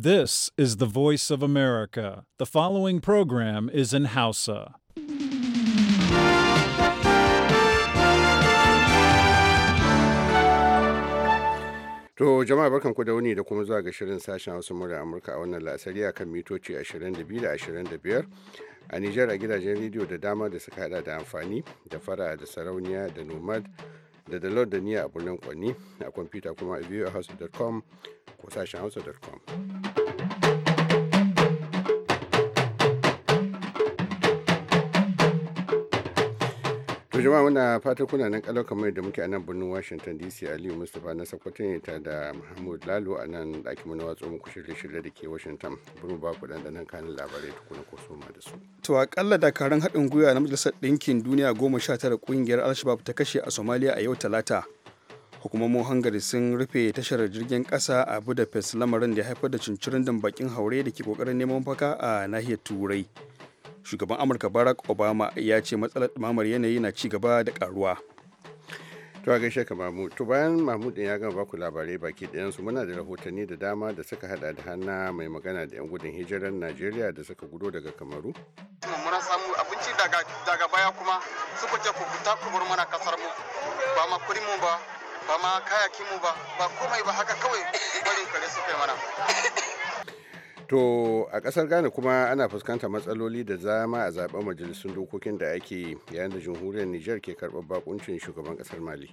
This is the voice of America. The following program is in Hausa. To jama'a barkanku da wuni da kuma zuwa ga shirin sashen Hausa mura Amurka a wannan lasari a kan mitoci 22 da 25 a Nijar a gidajen rediyo da dama da suka hada da amfani da fara da sarauniya da nomad da dalar da niya a birnin kwanni a kwamfuta kuma a biyu a hausa.com ko sashen hausa.com To jama'a muna fatan kuna nan kalau kamar da muke a nan birnin Washington DC Aliyu Mustapha na Sokoto ne ta da Muhammad Lalo a nan ɗakin mu na watsa muku shirye-shirye da ke Washington. Buru ba ku dan nan kanin labarai tukuna ko soma da su. To akalla dakarun haɗin gwiwa na Majalisar Ɗinkin Duniya goma sha tara ƙungiyar al ta kashe a Somalia a yau Talata. Hukumomin Hungary sun rufe tashar jirgin kasa a Budapest lamarin da ya haifar da cincirindin bakin haure da ke kokarin neman faka a nahiyar Turai. shugaban amurka barack obama ya ce matsalar ɗumamar yanayi na ci gaba da karuwa to a gaishe ka mahmud to bayan mahmud ya gama baku labarai baki ɗayansu muna da rahotanni da dama da suka hada da hana mai magana da 'yan gudun hijirar najeriya da suka gudo daga kamaru muna samu abinci daga baya kuma suka ce ku fita kubur mana kasar mu ba ma kuri mu ba ba ma kayakin mu ba ba komai ba haka kawai barin kare su kai mana To a kasar ghana kuma ana fuskantar matsaloli da zama a zaben majalisun dokokin da ake yayin da jamhuriyar niger ke karɓar bakuncin shugaban kasar mali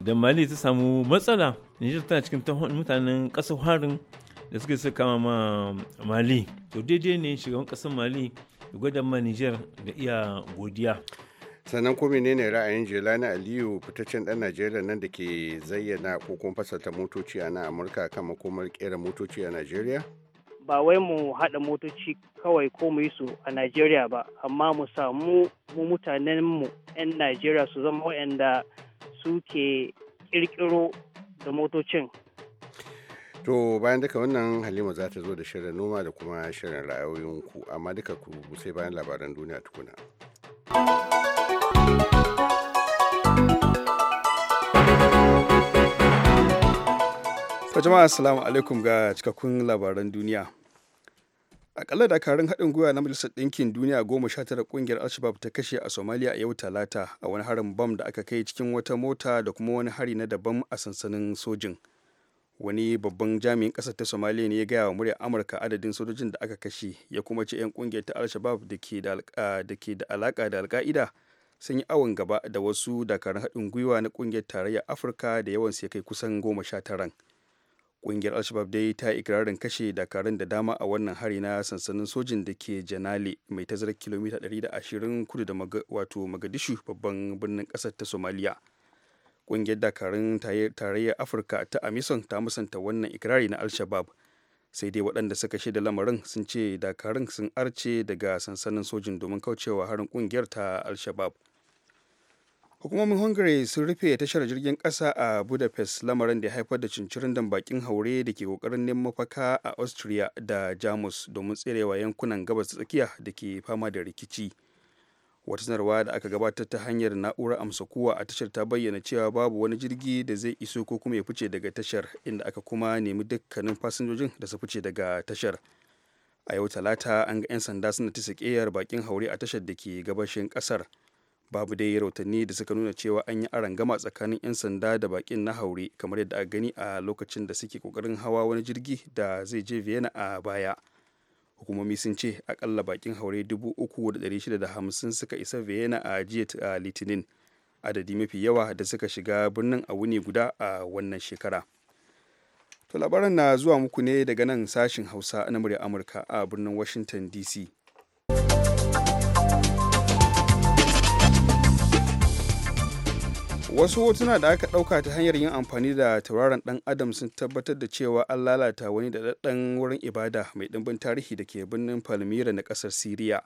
da mali ta samu matsala niger tana cikin mutanen ƙasar harin da suke suka kama ma mali to daidai ne shugaban kasar mali da gwada ma niger da iya godiya sannan ko menene ra'ayin jelani aliyu fitaccen dan najeriya nan da ke zayyana ko kuma fasalta motoci a na amurka kan makomar kera motoci a najeriya ba wai mu haɗa motoci kawai ko mu yi su a Najeriya ba amma mu samu mu mutanen mu 'yan Najeriya su zama waɗanda suke ƙirƙiro da motocin To bayan duka wannan Halima za ta zo da shirin noma da kuma shirin ra'ayoyinku amma duka ku sai bayan labaran duniya tukuna. jama'a assalamu alaikum ga cikakkun labaran duniya akalla dakarun haɗin gwiwa na majalisar ɗinkin duniya goma sha tara ƙungiyar alshabab ta kashe a somaliya a yau talata a wani harin bam da aka kai cikin wata mota da kuma wani hari na daban a sansanin sojin wani babban jami'in ƙasar ta somaliya ne ya gaya wa muryar amurka adadin sojojin da aka kashe ya kuma ce 'yan ƙungiyar ta alshabab da ke da alaƙa da alƙa'ida sun yi awon gaba da wasu dakarun haɗin gwiwa na ƙungiyar tarayyar afirka da yawan sai kai kusan goma sha taran ƙungiyar alshabab dai ta ikirarin kashe dakarun da dama a wannan hari na sansanin sojin da ke janale mai tazarar kilomita 120 kudu da wato magadishu babban birnin ƙasar ta somaliya ƙungiyar dakarun tarayyar afirka ta amison ta musanta wannan ikirari na alshabab sai dai waɗanda suka shaida lamarin sun ce dakarun sun arce daga sansanin sojin domin kaucewa harin ƙungiyar ta alshabab hukumomin hungary sun rufe tashar jirgin kasa a budapest lamarin da ya haifar da cincirin bakin haure da ke kokarin neman mafaka a austria da jamus domin tserewa yankunan gabas tsakiya da ke fama da rikici wata sanarwa da aka gabatar ta hanyar na'urar amsa kuwa a tashar ta bayyana cewa babu wani jirgi da zai iso ko kuma ya fice daga tashar inda aka kuma nemi dukkanin fasinjojin da su fice daga tashar a yau talata an ga 'yan sanda suna ta bakin haure a tashar da ke gabashin kasar babu dai rahotanni da suka nuna cewa an yi arangama tsakanin 'yan sanda da bakin na haure kamar yadda a gani a lokacin da suke kokarin hawa wani jirgi da zai je vienna a baya hukumomi sun ce akalla bakin haure 3,650 suka isa vienna a jiya a litinin adadi mafi yawa da suka shiga birnin a wuni guda a wannan shekara to labaran na zuwa muku ne daga nan sashin hausa na murya amurka a birnin washington dc wasu hotuna da aka ɗauka ta hanyar yin amfani da tauraron ɗan adam sun tabbatar da cewa an lalata wani da daɗaɗɗen wurin ibada mai ɗimbin tarihi da ke birnin palmyra na ƙasar siriya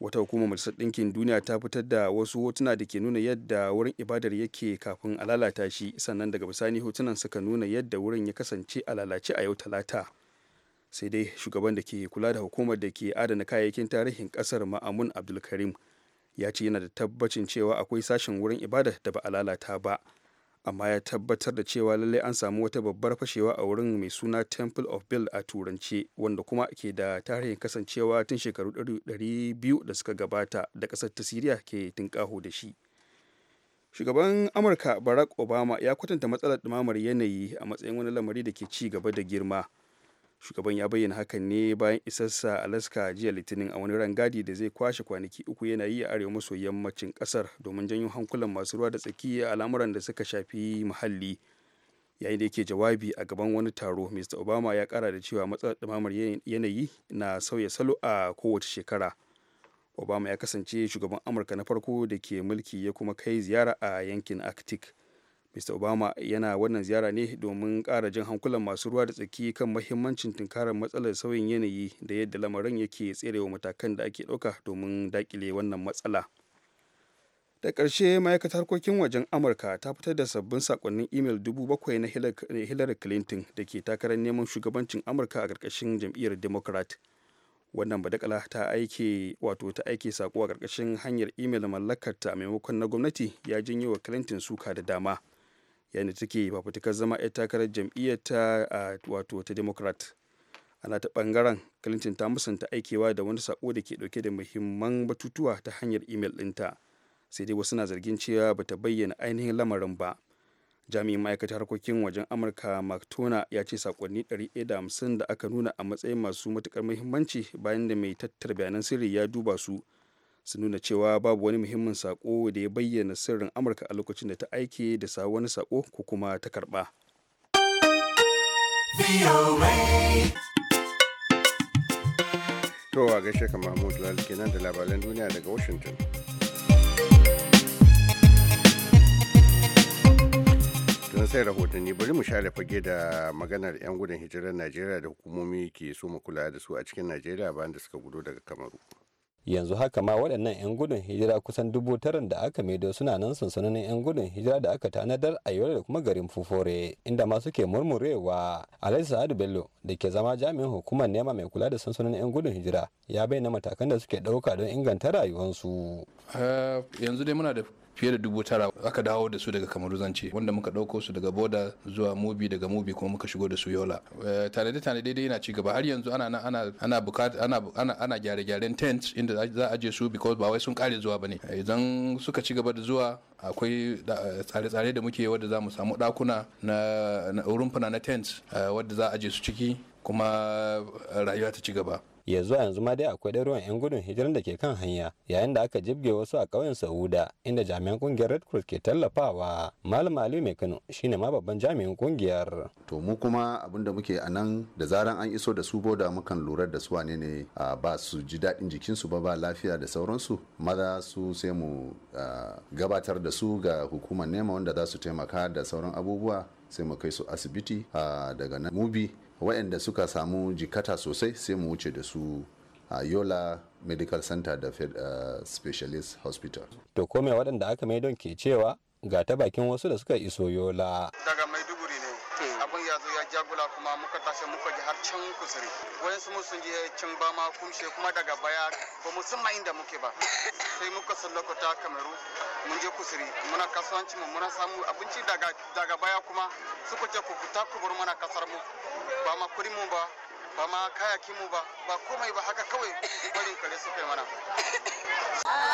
wata hukumar majalisar ɗinkin duniya ta fitar da wasu hotuna da ke nuna yadda wurin ibadar yake kafin a lalata shi sannan daga bisani hotunan suka nuna yadda wurin ya kasance a lalace a yau talata sai dai shugaban da ke kula da hukumar da ke adana kayayyakin tarihin ƙasar ma'amun abdulkarim ya ce yana da tabbacin cewa akwai sashen wurin ibada da ba a lalata ba amma ya tabbatar da cewa lallai an samu wata babbar fashewa a wurin mai suna temple of bill a turance wanda kuma ke da tarihin kasancewa tun shekaru 200 da suka gabata da kasar ta siriya ke tinkaho da shi shugaban amurka barack obama ya kwatanta matsalar ɗumamar yanayi a matsayin wani lamari da ke ci gaba da girma shugaban ya bayyana hakan ne bayan isarsa alaska jiya litinin a wani rangadi da zai kwashe kwanaki uku yana yi a arewa maso yammacin kasar domin janyo hankulan masu ruwa da tsaki a al'amuran da suka shafi muhalli yayin da yake jawabi a gaban wani taro mr obama ya kara da cewa matsalar ɗumamar yanayi na sauya salo a kowace shekara obama ya kasance shugaban amurka na farko da ke mulki ya kuma kai ziyara a yankin arctic Mr. Obama yana wannan ziyara ne domin kara jin hankulan masu ruwa da tsaki kan mahimmancin tunkarar matsalar sauyin yanayi da yadda lamarin yake tserewa matakan da ake ɗauka domin daƙile wannan matsala. Da ƙarshe ma'aikatar harkokin wajen Amurka ta fitar da sabbin sakonnin imel dubu bakwai na Hillary Clinton da ke takarar neman shugabancin Amurka a ƙarƙashin jam'iyyar Democrat. wannan badakala ta aike wato ta aike sako a ƙarƙashin hanyar imel mallakarta maimakon na gwamnati ya janyewa wa clinton suka da dama yayin da take fafutukar zama 'yar takarar jam'iyyar ta wato ta democrat ana ta bangaren clinton ta musanta aikewa da wani sako da ke dauke da muhimman batutuwa ta hanyar imel dinta sai dai wasu na zargin cewa ba ta bayyana ainihin lamarin ba jami'in ma'aikatar harkokin wajen amurka mark ya ce sakonni 150 da aka nuna a matsayin masu matukar muhimmanci bayan da mai tattara bayanan sirri ya duba su sun nuna cewa babu wani muhimmin sako da ya bayyana sirrin amurka a lokacin da ta aike da sa wani sako ko kuma ta karba towa a gaishe mahmud kenan da labaran duniya daga washington tun sai rahotanni bari mu share fage da maganar 'yan gudun hijirar najeriya da hukumomi ke so mu kula da su a cikin najeriya bayan da suka gudu daga kamaru yanzu haka ma waɗannan 'yan gudun hijira kusan dubu taran da aka maido suna nan sansanonin 'yan gudun hijira da aka tanadar a yau da kuma garin fufore inda ma suke murmurewa alhaji sa'adu bello da ke zama jami'in hukumar nema mai kula da sansanonin 'yan gudun hijira ya bayyana matakan da suke ɗauka don inganta rayuwarsu eh, yanzu dai muna da fiye da dubu tara aka dawo da su daga kamaru zance wanda muka ɗauko su daga boda zuwa mobi daga mobi kuma muka shigo da su yola eh, tanade tanade dai yana ci gaba har yanzu ana ana ana bukata ana ana gyare gyaren tent inda za a je su because ba wai sun kare zuwa bane eh, idan suka ci gaba da zuwa akwai tsare-tsare da muke wadda za mu samu dakuna na rumfuna na tent eh, wadda za a je su ciki kuma rayuwa ta ci gaba ya zuwa yanzu ma dai akwai ɗaruwan 'yan gudun hijiran da ke kan hanya yayin da aka jibge wasu a ƙauyen sauda inda jami'an ƙungiyar red cross ke tallafawa malam ali mai kano shine ma babban jami'in ƙungiyar to mu kuma abin da muke a nan da zaran an iso da su boda mukan lura da su wane ne ba su ji daɗin jikinsu ba ba lafiya da sauransu maza su sai mu gabatar da su ga hukumar nema wanda za su taimaka da sauran abubuwa sai mu kai su asibiti daga nan mubi waɗanda suka samu jikata sosai sai mu wuce da su a yola medical center da uh, specialist hospital to kome waɗanda aka maidon ke cewa ga ta bakin wasu da suka iso yola daga maiduguri ne abin ya zo ya jagula kuma muka tashi muka ji har can kusuri wani su sun je cin ba ma kumshe kuma daga baya ba mu san inda muke ba sai muka san lokota kameru mun je kusuri muna kasuwanci mu muna samu abinci daga baya kuma suka ce ku fita ku bar mana kasar mu ba makuri mu ba ba ma kayakinmu ba ba komai ba haka kawai barin kare su kai mana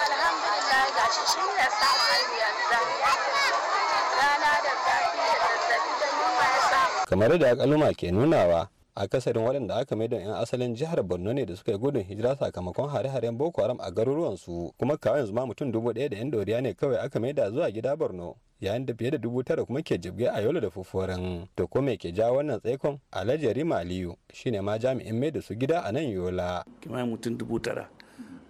alhamdulillah ga shi shi ne samun yanzu rana da zafi da zafi da yunwa ya samu kamar da kaluma ke nunawa akasarin waɗanda aka mai da 'yan asalin jihar borno ne da suka yi gudun hijira sakamakon hare-haren boko haram a garuruwansu kuma kawai yanzu ma mutum dubu ɗaya da 'yan doriya ne kawai aka mai da zuwa gida borno yayin da fiye da dubu tara kuma ke jibge a yola da fufuwaran to ko me ke ja wannan tsaikon alhaji rima aliyu shine ma jami'in mai da su gida a nan yola kimanin mutum dubu tara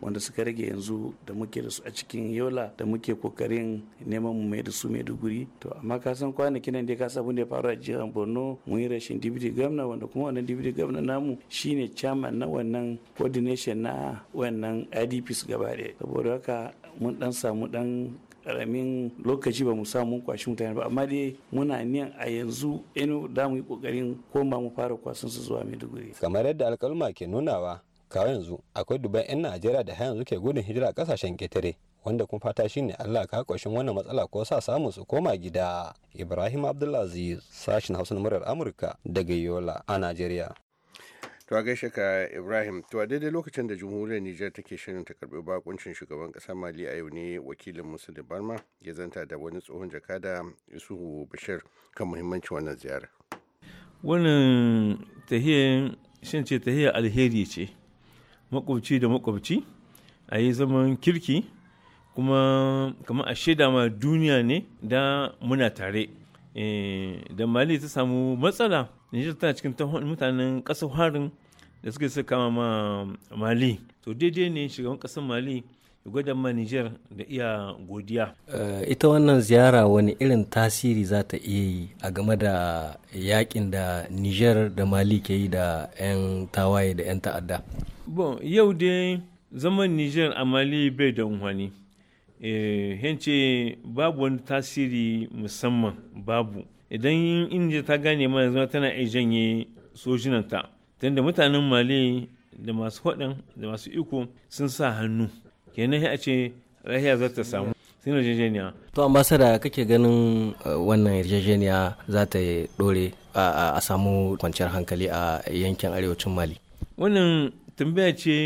wanda suka rage yanzu da muke da su a cikin yola da muke kokarin neman mu mai da su mai duguri to amma ka san kwanakin nan dai ka san da ya faru a jihar borno mun yi rashin dibidi gamna wanda kuma wannan dibidi gamna namu shine chairman na wannan coordination na wannan idps gaba ɗaya saboda haka mun dan samu dan karamin lokaci ba mu samu kwashi mutane ba amma dai muna niyan a yanzu inu da mu yi kokarin koma mu fara kwasan su zuwa maiduguri kamar yadda alkalma ke nunawa kawai yanzu akwai dubban 'yan najeriya da yanzu ke gudun hijira kasashen ketare wanda kuma fata shi ne allah ka kwashin wannan matsala ko sa samun su koma gida ibrahim abdulaziz sashin hausa na murar amurka daga yola a najeriya to a gaishe ka ibrahim to a daidai lokacin da jamhuriyar nijar take shirin ta karbi bakuncin shugaban kasa mali a yau ne wakilin musul da barma ya zanta da wani tsohon jakada isuhu bashir kan muhimmanci wannan ziyarar wannan tahiyar shin ce tahiyar alheri ce makwabci da makwabci a yi zaman kirki kuma kamar a shaida ma duniya ne da muna tare eh, da mali ta samu matsala nijar tana cikin mutanen ƙasar harin da suka suka kama ma mali to daidai ne shugaban ƙasar mali ma nijar da iya godiya. Eh, ita wannan ziyara wani irin tasiri za ta iya yi a game da yakin da nijar da Mali ke yi da 'yan tawaye da 'yan ta'adda. Bon, yau dai zaman nijar a Mali bai da unhwani. hence eh, babu wani tasiri musamman babu. Idan indiya ta gane mana zama tana iya janye sojinanta. Tunda mutanen Mali da masu da masu iko sun sa hannu. kenan a ce lahiya za ta samu sun yarjejeniya to ambasada kake ganin eh, wannan yarjejeniya za ta dore a samu kwanciyar hankali a yankin arewacin mali wannan tambaya ce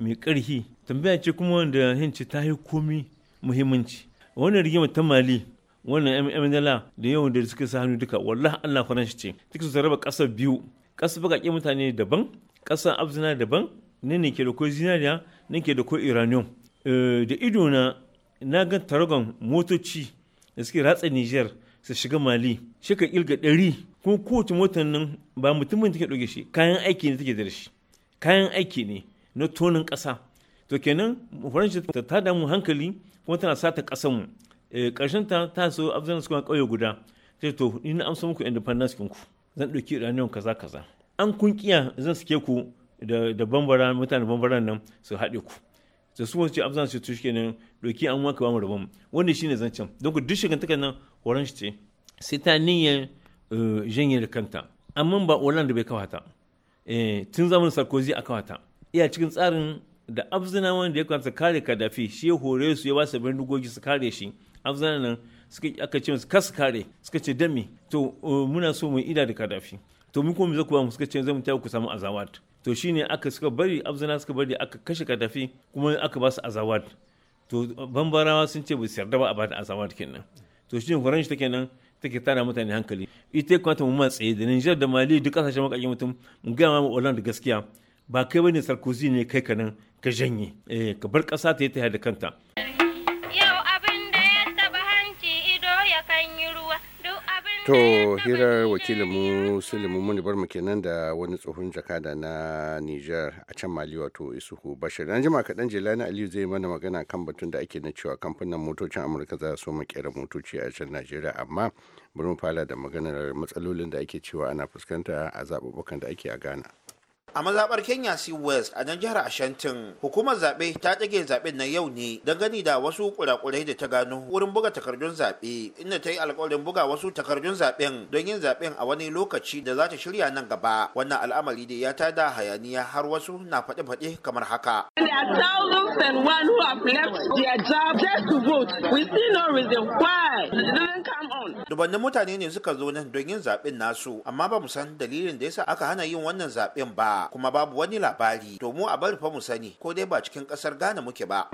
mai karhi tambaya ce kuma wanda hinci ta yi komi muhimmanci wannan rigima ta mali wannan mmdala da yau da suka sa hannu duka wallah allah faranshi ce duk su raba ƙasa biyu ƙasa bakake mutane daban ƙasa abzina daban ne ne ke da ko zinariya ne ke da ko iranium Eh, da idona na ga tarogon motoci da suke ratsa niger su shiga mali shika ilga ɗari ko kowace motar nan ba mutumin take ɗauke shi kayan aiki ne take da shi kayan aiki ne na tonin ƙasa to kenan faransa ta tada mu hankali kuma tana sata ƙasar mu eh, ƙarshen ta ta so su kuma ƙauye guda ta to ni na amsa muku independence kinku zan ɗauki ranar kaza kaza an kunkiya zan suke ku da bambara mutane bambaran nan su haɗe ku da su wasu abzan su tushe ne doki an waka wani rabon wanda shine zancen don duk ta kanan horon shi ce sai ta niyya eh, jinyar da kanta amma ba olan da bai kawata eh, tun zamanin sarkozy a kawata iya cikin tsarin da abzinawan wanda ya kwanta kare kadafi shi ya hore su ya ba su bindigogi su kare shi abzina nan suka aka ce su kasu kare suka ce dami to eh, muna so mu ida da kadafi to mu kuma mu zaku ba mu suka ce zan mu ta ku samu azawat to shine aka suka bari abzana suka bari aka kashe katafi kuma aka ba su azawad to bambarawa sun ce ba su yarda ba a bata azawad kenan to shine horon shi take nan take tara mutane hankali ita ta mu tsaye da Niger da Mali duk kasashen makakin mutum mu ga ma da gaskiya ba kai bane sarkozi ne kai kanan ka janye eh, ka bar kasa ta yi ta da kanta To hirar wakilinmu Sulimu Muni Barmu kenan da wani tsohon jakada na Nijar a can Mali wato Isuhu Bashir. An jima kaɗan Jelani Aliyu zai mana magana kan batun da ake na cewa kamfanin motocin Amurka za su kera motoci a can Najeriya amma bari mu fara da maganar matsalolin da ake cewa ana fuskanta a zaɓuɓɓukan da ake a Ghana. a mazaɓar kenya sea west a nan jihar ashantin hukumar zaɓe ta ɗage zaɓen na yau ne don gani da wasu kurakurai da ta gano wurin buga takardun zaɓe inda ta yi alkawarin buga wasu takardun zaɓen don yin zaɓen a wani lokaci da za ta shirya nan gaba wannan al'amari da ya ta da hayaniya har wasu na faɗe-faɗe kamar haka and one who have left their job just to vote. We see no reason why. come Dubannin mutane ne suka zo nan don yin zaɓen nasu amma ba mu san dalilin da yasa aka hana yin wannan zaɓen ba kuma babu wani labari to mu a bari fa mu sani ko dai ba cikin ƙasar Ghana muke ba.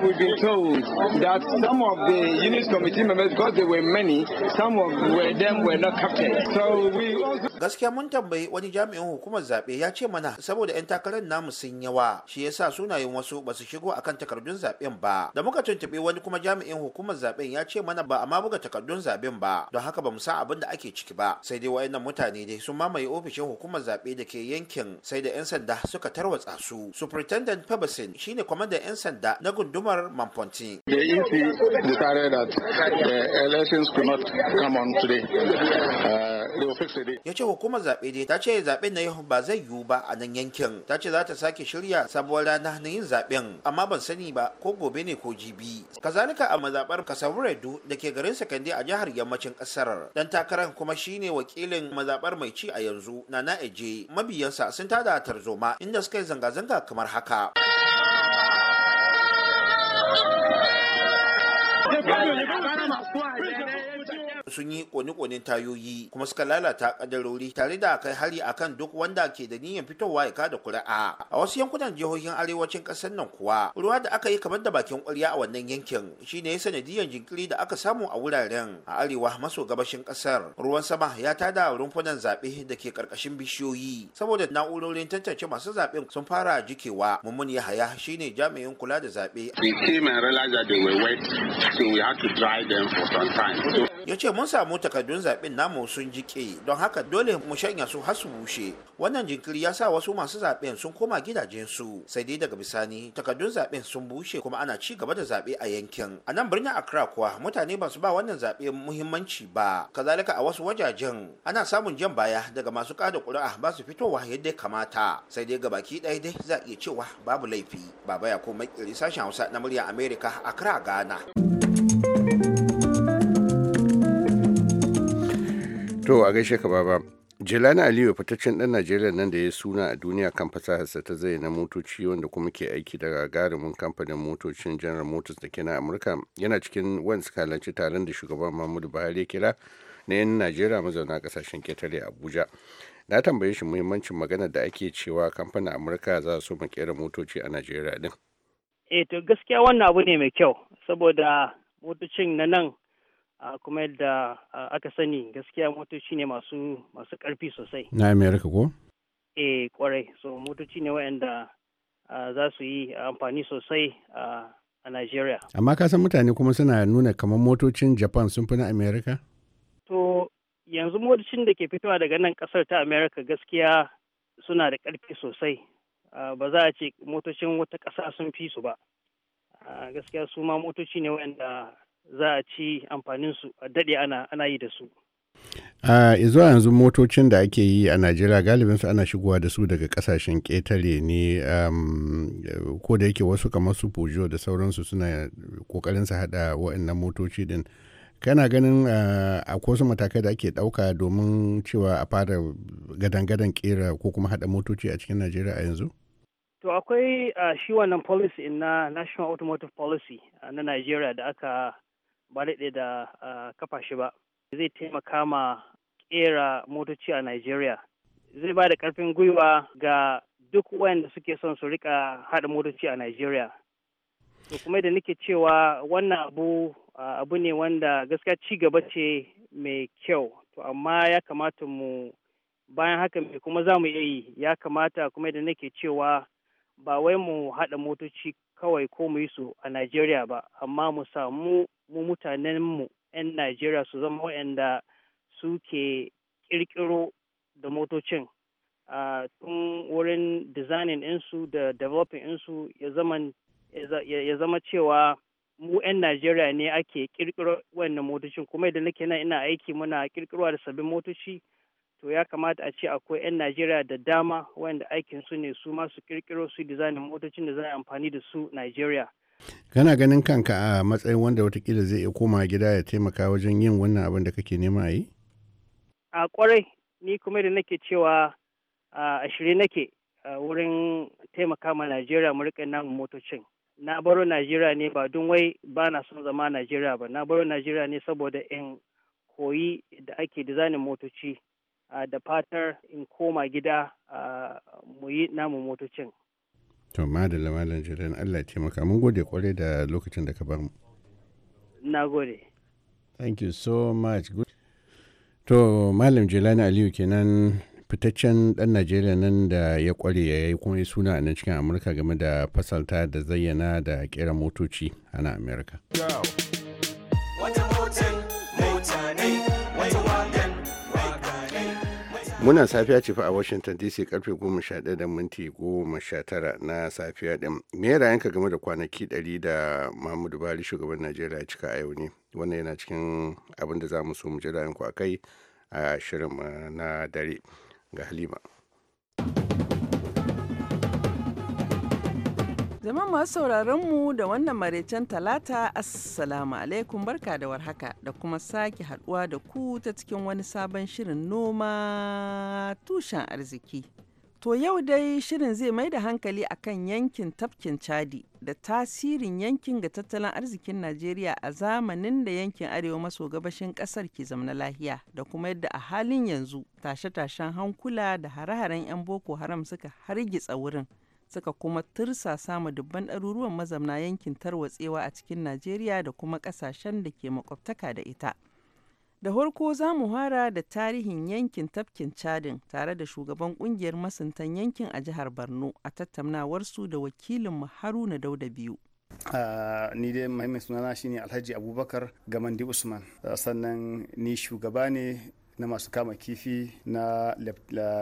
gaskiya mun tambayi wani jami'in hukumar zaɓe ya ce mana saboda 'yan takarar namu sun yawa shi yasa sunayen wasu ba su shigo akan takardun zaɓen ba da muka tuntuɓi wani kuma jami'in hukumar zaɓen ya ce mana ba a ma buga takardun zaɓen ba don haka ba mu san abin da ake ciki ba sai dai wayannan mutane dai sun mamaye ofishin hukumar zaɓe da ke yankin sai da 'yan sanda suka tarwatsa su superintendent pebbleson shine kwamandan 'yan sanda na gundumar mamponti the e not come uh, ya ce hukumar zaɓe dai ta ce zaɓen na yau ba zai yiwu ba a nan yankin ta ce za ta sake shirya sabuwar rana na yin zaɓen amma ban sani ba ko gobe ne ko jibi kazalika a mazaɓar kasawuraidu da ke garin sakandi a jihar yammacin ƙasar dan takarar kuma shine wakilin mazaɓar mai ci a yanzu nana eje mabiyansa sun tada tarzoma inda suka yi zanga-zanga kamar haka. yeah, yeah. sun yi kone-konen tayoyi kuma suka lalata kadarori tare da kai hari akan duk wanda ke da niyyar fitowa ya kada kuri'a a wasu yankunan jihohin arewacin kasar nan kuwa ruwa da aka yi kamar da bakin kwarya a wannan yankin shine ya sanadiyar jinkiri da aka samu a wuraren a arewa maso gabashin kasar ruwan sama ya tada rumfunan zaɓe da ke karkashin bishiyoyi saboda na'urorin tantance masu zaɓen sun fara jikewa ya haya shine jami'in kula da zaɓe. Ya ce mun samu takardun zaɓen namu sun jike don haka dole mu shanya su har su bushe wannan jinkiri ya sa wasu masu zaɓen sun koma gidajensu sai dai daga bisani takardun zaɓen sun bushe kuma ana ci gaba da zaɓe a yankin a nan birnin accra kuwa mutane ba su ba wannan zaɓe muhimmanci ba kazalika a wasu wajajen ana samun jan baya daga masu kada ƙuri'a ba su fitowa yadda ya kamata sai dai ga baki ɗaya dai za a iya cewa babu laifi baba ya ko makiri sashen hausa na murya america accra ghana to a gaishe ka baba Jelani Aliyu fitaccen ɗan Najeriya nan da ya suna a duniya kan fasaharsa ta zai na motoci wanda kuma ke aiki daga garumin kamfanin motocin General Motors da ke na Amurka yana cikin wani sakalanci taron da shugaban Muhammadu Buhari kira na 'yan Najeriya mazauna kasashen ketare Abuja. Na tambaye shi muhimmancin magana da ake cewa kamfanin Amurka za su kera motoci a Najeriya din. Eh to gaskiya wannan abu ne mai kyau saboda motocin na nan kuma yadda aka sani gaskiya motoci ne masu masu karfi sosai na america ko e eh, kwarai so motoci ne wayanda za su yi amfani sosai a nigeria amma ka san mutane kuma suna nuna kamar motocin japan sun fi na america to yanzu motocin da ke fitowa daga nan kasar ta america gaskiya suna da karfi sosai ba za a ce motocin wata kasa sun fi su ba gaskiya su ma motoci ne wayanda za a ci amfanin su a daɗe ana yi da su. a zuwa yanzu motocin da ake yi a najeriya galibinsu ana shigowa da su daga kasashen ƙetare ne ko da yake wasu kamar su Pujo da sauransu suna kokarin su hada wa'annan motoci din kana ganin a wasu matakai da ake ɗauka domin cewa a fara gadan-gadan kera ko kuma hada motoci a cikin najeriya a yanzu to akwai shi wannan policy na national automotive policy na najeriya da aka ba daɗe da kafa shi ba zai taimaka ma ƙera motoci a nigeria Zai ba da ƙarfin gwiwa ga duk wayanda suke son su rika haɗa motoci a nigeria To kuma da nake cewa wannan abu abu ne wanda gaskiya ci gaba ce mai kyau. To amma ya kamata mu bayan haka mai kuma za mu iya yi ya kamata kuma da nake cewa ba wai mu haɗa motoci kawai ko mu yi su a Najeriya ba amma mu samu mu mutanenmu 'yan Najeriya su zama waɗanda suke ƙirƙiro da motocin tun wurin designing ɗinsu da developing ɗinsu ya zama cewa mu 'yan Najeriya ne ake ƙirƙiro wannan motocin kuma idan nake nan ina aiki muna ƙirƙiro da sabbin motoci to ya kamata a ce akwai 'yan najeriya da dama wanda aikin su ne su masu kirkiro su dizainin motocin da za a amfani da su najeriya kana ganin kanka a matsayin wanda watakila zai iya koma gida ya taimaka wajen yin wannan abin da kake nema a yi a kwarai ni kuma da nake cewa a nake wurin taimaka ma najeriya mu riƙa namu motocin na baro najeriya ne ba don wai ba na son zama najeriya ba na baro najeriya ne saboda in koyi da ake dizainin motoci Ah, da fatar in koma gida ah, mu yi namu motocin. To madalla malam jiran Allah ce mun gode kwarai da lokacin da ka bar mu. Na gode. Thank you so much. Good. To malam Jelani Aliyu kenan fitaccen ɗan Najeriya nan da ya kware ya yi kuma ya suna a nan cikin Amurka game da fasalta da zayyana da kera motoci a nan Amerika. Yeah. Muna safiya ce a Washington DC karfe 11 da minti 19 na safiya din. Me yanka game da kwanaki 100 da Muhammadu Buhari shugaban Najeriya cika a yau ne? Wannan yana cikin abin da za mu so mu ji ra'ayinku a kai a shirin eh, na dare ga Halima. zama masu sauraron mu da wannan maraicen talata assalamu alaikum barka da warhaka da kuma sake haduwa da ku ta cikin wani sabon shirin noma tushen arziki. To yau dai shirin zai mai da hankali akan yankin tafkin Chadi da tasirin yankin ga tattalin arzikin Najeriya a zamanin da yankin arewa maso gabashin kasar ke zamana lahiya da kuma yadda a halin yanzu tashe-tashen hankula da hare-haren 'yan Boko Haram suka hargitsa wurin. suka kuma tursa samu dubban ɗaruruwan mazamna yankin tarwatsewa a cikin Najeriya da kuma ƙasashen da ke makwabtaka da ita. Da farko za mu fara da tarihin yankin tafkin Chadin tare da shugaban ƙungiyar masuntan yankin a jihar Borno a tattaunawarsu da wakilin Haruna Dauda biyu. Uh, ni dai mahimmin sunana shine Alhaji Abubakar Gamandi Usman uh, sannan ni shugaba ne na masu kama kifi na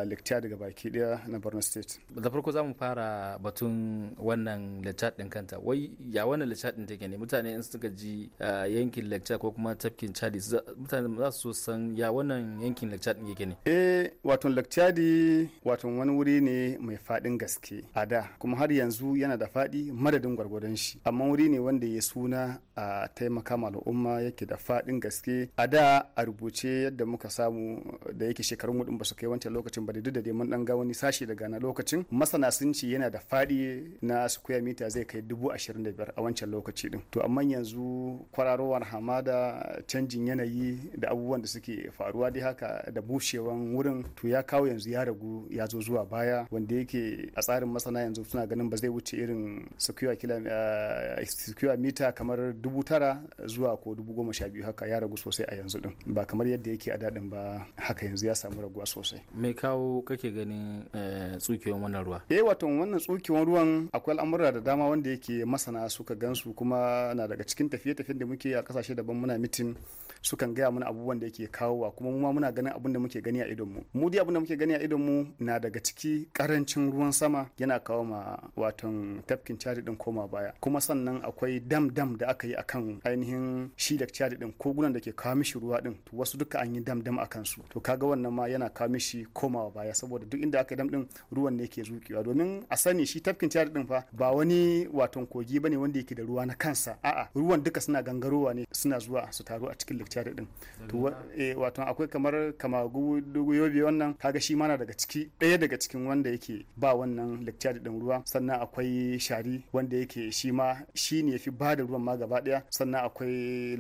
lecture daga baki daya na borno state da farko za mu fara batun wannan lecture din kanta wai ya wannan lecture din take ne mutane in suka ji eh, yankin lecture ko kuma tafkin chadi mutane za su san ya wannan yankin lecture din yake ne eh wato lecture wato wani wuri ne mai fadin gaske a da kuma har yanzu yana da fadi madadin gwargwadon shi amma wuri ne wanda ya suna a taimaka ma al'umma yake da fadin gaske a da a rubuce yadda muka samu da yake shekarun mudin ba su kai wancan lokacin ba da duk da dai mun dan ga wani sashi daga na lokacin masana sun ce yana da faɗi na square meter zai kai dubu ashirin da biyar a wancan lokaci din to amma yanzu kwararowar hamada canjin yanayi da abubuwan da suke faruwa dai haka da bushewan wurin to ya kawo yanzu ya ragu ya zo zuwa baya wanda yake a tsarin masana yanzu suna ganin ba zai wuce irin square mita eh, kamar dubu tara zuwa ko dubu goma sha biyu haka ya ragu sosai a yanzu din ba kamar yadda yake a daɗin ba haka yanzu ya samu raguwa sosai me kawo kake ganin eh, tsukewan wannan ruwa eh wato wannan tsukewan ruwan akwai al'amura da dama wanda yake masana suka gansu kuma na daga cikin tafiye-tafiyen da muke a kasashe daban muna mitin sukan gaya mana abubuwan da yake kawowa kuma mu muna ganin abin da muke gani a idon mu mu dai abin da muke gani a idon mu na daga ciki karancin ruwan sama yana kawo ma watan tafkin cari din koma baya kuma sannan akwai dam dam da aka yi akan ainihin shi da cadi din kogunan da ke kawo mishi ruwa din wasu duka an yi damdam akan su to kaga wannan ma yana kawo mishi komawa baya saboda duk inda aka dam din ruwan ne ke zukewa domin a sani shi tafkin cadi din fa ba wani waton kogi bane wanda yake da ruwa na kansa a'a ruwan duka suna gangarowa ne suna zuwa su taru a cikin lake ciyadi din to eh, waton akwai kamar kamagu yobe wannan kaga shi mana daga ciki ɗaya daga cikin wanda yake ba wannan lakcari din ruwa sannan akwai shari wanda yake shi ma shi ne ya fi ba da ruwan ma gaba ɗaya sannan akwai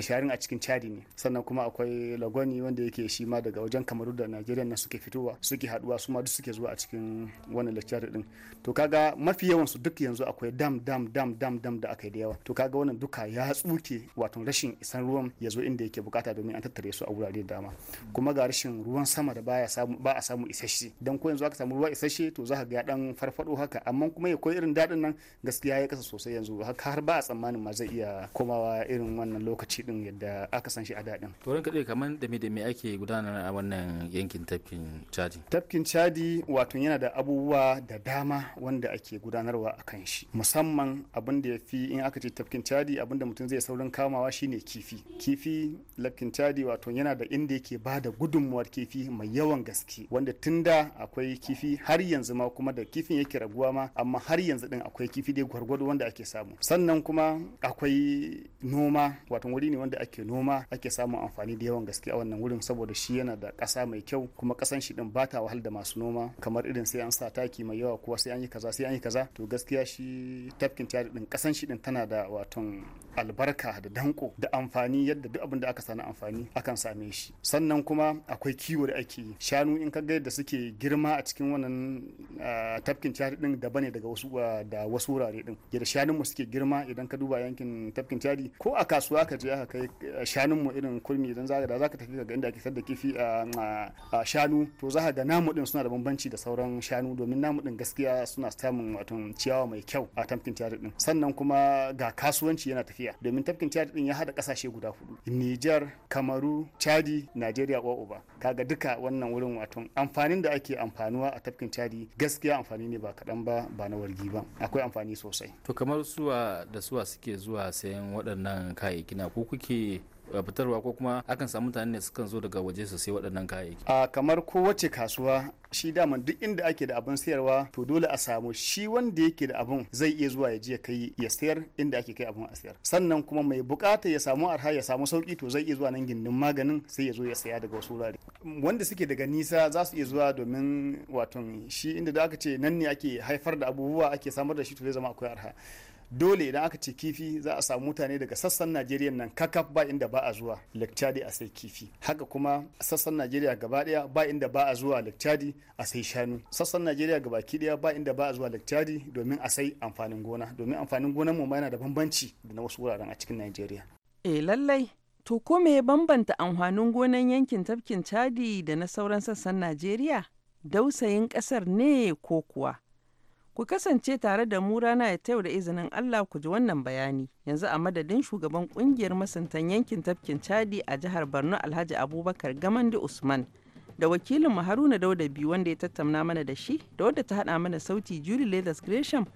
sharin a cikin chadi ne sannan kuma akwai lagoni wanda yake shi ma daga wajen kamaru da najeriya na suke fitowa suke haduwa su ma duk suke zuwa a cikin wannan lechari din to kaga mafi yawan su duk yanzu akwai dam dam dam dam dam da aka yi da yawa to kaga wannan duka ya tsuke wato rashin isan ruwan ya zo inda yake bukata domin an tattare su a wurare dama kuma ga rashin ruwan sama da baya samu ba a samu isasshe dan ko yanzu aka samu ruwa isasshe to za ka ga ya dan farfado haka amma kuma ya koyi irin dadin nan gaskiya ya kasa sosai yanzu har ba a tsammanin ma zai zai iya komawa irin wannan lokaci din yadda aka san shi a daɗin. to kaɗai kamar da me me ake gudanar a wannan yankin tafkin chadi tafkin chadi wato yana da abubuwa da dama wanda ake gudanarwa a kan shi musamman abin da ya fi in aka ce tafkin chadi abin da mutum zai saurin kamawa shine kifi kifi lafkin chadi wato yana da inda yake ba da gudunmuwar kifi mai yawan gaske wanda tun da akwai kifi har yanzu ma kuma da kifin yake raguwa ma amma har yanzu din akwai kifi dai gwargwado wanda ake samu sannan kuma akwai noma wato wuri ne wanda ake noma ake samun amfani da yawan gaske a wannan wurin saboda shi yana da ƙasa mai kyau kuma ƙasan shi din bata wahal da masu noma kamar irin sai an sa taki mai yawa kuwa sai an yi kaza sai an yi kaza to gaskiya shi tafkin tiyari din ƙasan shi din tana da wato albarka da danko da amfani yadda duk abin da aka sani amfani akan same shi sannan kuma akwai kiwo da ake yi shanu in ka ga yadda suke girma a cikin wannan tafkin cari din daban ne daga wasu da wasu wurare din yadda shanun mu suke girma idan ka duba yankin tafkin cari ko a kasuwa ka je aka kai shanun mu irin kurmi idan zaka da zaka tafi ga inda ake da kifi a shanu to za ka ga namu din suna da bambanci da sauran shanu domin namu din gaskiya suna samun wato ciyawa mai kyau a tafkin cari din sannan kuma ga kasuwanci yana tafiya domin tafkin Chad din ya hada kasashe guda hudu Niger Kamaru Chadi Najeriya ko uba kaga duka wannan wurin wato amfanin da ake amfanuwa a tafkin Chadi gaskiya amfani ne ba kadan ba ba na wargi ba akwai amfani sosai to kamar suwa da suwa suke zuwa sayan waɗannan kayayyaki na ko kuke Eh, fitarwa ko kuma akan samu mutane ne sukan zo daga waje su sai waɗannan kayayyaki a kamar kowace kasuwa shi daman duk inda ake da abin sayarwa to dole a samu shi wanda yake da abin zai iya zuwa ya je ya kai ya sayar inda ake kai abin a sayar sannan kuma mai bukata ya samu arha ya samu sauki to zai iya zuwa nan gindin maganin sai ya zo ya saya daga wasu wurare wanda suke daga nisa za su iya zuwa domin wato shi inda da aka ce nan ne ake haifar da abubuwa ake samar da shi to zai zama akwai arha dole idan aka ce kifi za a samu mutane daga sassan najeriya nan kakaf ba inda ba a zuwa lekcadi a sai kifi haka kuma sassan najeriya gaba daya ba inda ba a zuwa lekcadi a sai shanu sassan najeriya gaba ki daya ba inda ba a zuwa lekcadi domin a sai amfanin gona domin amfanin gonan mu yana da bambanci da na wasu wuraren a cikin najeriya eh lallai to ko me ya bambanta amfanin gonan yankin tafkin chadi da na sauran sassan najeriya dausayin kasar ne ko kuwa Ku kasance tare da mu rana ya ta yau da izinin Allah ku ji wannan bayani. Yanzu a madadin shugaban kungiyar masuntan yankin tafkin Chadi a jihar Borno Alhaji Abubakar Gamandi Usman da wakilin mu Haruna Dauda biyu wanda ya tattauna mana da shi da wadda ta hada mana sauti Julie Leathers Gresham.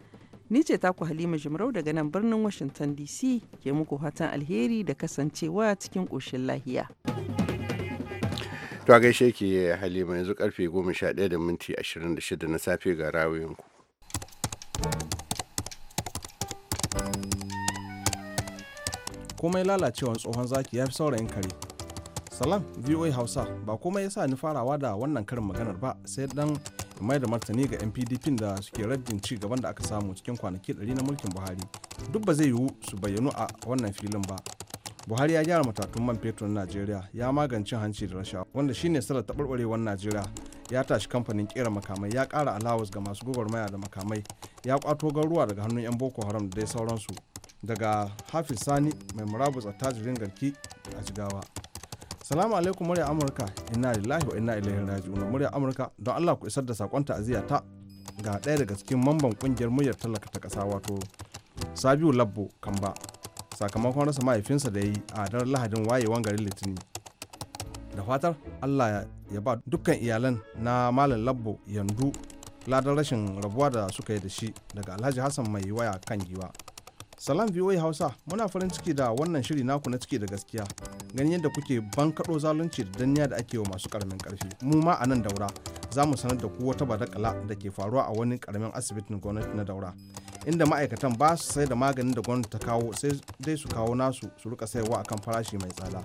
Ni ce ku Halima Jimrau daga nan birnin Washington DC ke muku fatan alheri da kasancewa cikin ƙoshin lahiya. To gaishe ke Halima yanzu karfe 11:26 na safe ga rawayinku. komai lalacewar tsohon zaki ya fi saurayin kare salam voa hausa ba komai sa ni farawa da wannan karin maganar ba sai dan mai da martani ga npdp da suke raddin ci gaban da aka samu cikin kwanaki 100 na mulkin buhari duk ba zai yiwu su bayyanu a wannan filin ba buhari ya gyara matatun man fetur na najeriya ya magance hanci da rasha wanda shine sarar taɓarɓarewar najeriya ya tashi kamfanin kera makamai ya kara alawas ga masu gwagwarmaya da makamai ya kwato garuruwa daga hannun 'yan boko haram da dai sauransu daga hafiz sani mai murabus a tajirin garki a jigawa salamu alaikum murya amurka inna lillahi wa inna ilaihi raji'un murya amurka don allah ku isar da sakon ta'aziyya ta ga ɗaya daga cikin mamban kungiyar muryar tallaka ta ƙasa wato sabiu labbo kamba sakamakon rasa mahaifinsa da ya yi a daren lahadin wayewan garin litinin da fatar allah ya ba dukkan iyalan na malam labbo yandu ladan rashin rabuwa da suka yi da shi daga alhaji hassan mai waya kan giwa salam voa hausa muna farin ciki da wannan shiri naku na ciki da gaskiya ganin yadda kuke ban bankaɗo zalunci da danniya da ake wa masu karamin karfi mu ma a nan daura za mu sanar da ku wata badakala da ke faruwa a wani karamin asibitin gwamnati na daura inda ma'aikatan ba su sai da maganin da gwamnati ta kawo sai dai su kawo nasu su rika sayarwa akan farashi mai tsada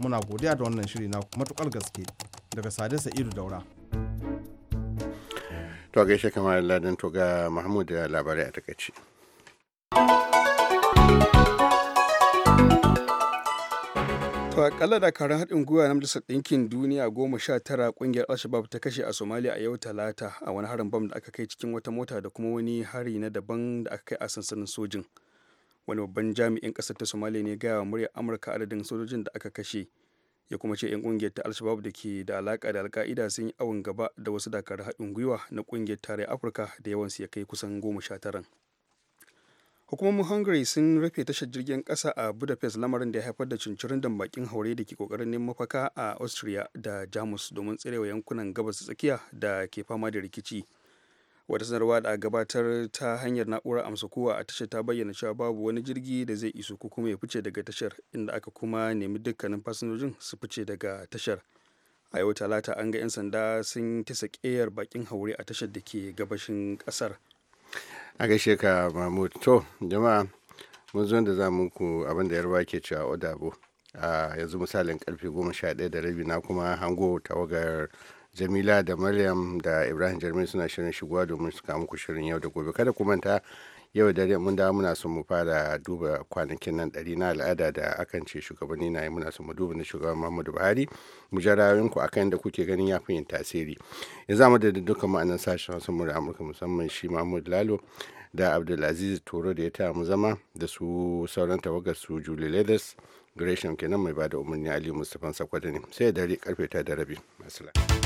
muna godiya da wannan shiri na matukar gaske daga sade sa'idu daura to gaishe kamar ladan to ga mahmud da labarai a takaice to akalla dakarun haɗin gwiwa na majalisar ɗinkin duniya goma sha tara ƙungiyar alshabab ta kashe a somalia a yau talata a wani harin bam da aka kai cikin wata mota da kuma wani hari na daban da aka kai a sansanin sojin wani babban jami'in ƙasar ta somaliya ne gaya wa muryar amurka adadin sojojin da aka kashe ya kuma ce 'yan ƙungiyar ta alshabab da ke da alaƙa da alka'ida sun yi awon gaba da wasu dakar haɗin gwiwa na ƙungiyar tarayyar afirka da yawansu ya kai kusan goma sha taran hukumomin hungary sun rufe tashar jirgin ƙasa a budapest lamarin da ya haifar da cincirin da bakin haure da ke kokarin neman mafaka a austria da jamus domin tserewa yankunan gabas tsakiya da ke fama da rikici wata sanarwa da gabatar ta hanyar na'urar amsa kowa a tashar ta bayyana cewa babu wani jirgi da zai iso ko kuma ya fice daga tashar inda aka kuma nemi dukkanin fasinjojin su fice daga tashar a yau talata an ga 'yan sanda sun kisa ƙeyar bakin haure a tashar da ke gabashin kasar. a gaishe ka mahmud to jama'a mun zo da za muku abin da yarba ke cewa odabo a yanzu misalin karfe goma sha ɗaya da rabi na kuma hango tawagar jamila da maryam da ibrahim jarmin suna shirin shigowa domin su kamu shirin yau da gobe kada ku manta yau dare mun da muna son mu fara duba kwanakin nan ɗari na al'ada da akan ce shugabanni na yi muna son mu duba na shugaban muhammadu buhari mu jarayoyin ku akan da kuke ganin ya fi yin tasiri ya zama da dukkan ma'anar sashen wasu mura amurka musamman shi mahmud lalo da abdulaziz toro da ya taya mu zama da su sauran tawagar su julie leathers gresham kenan mai bada umarni ali mustapha sakwada ne sai dare karfe ta da rabi masu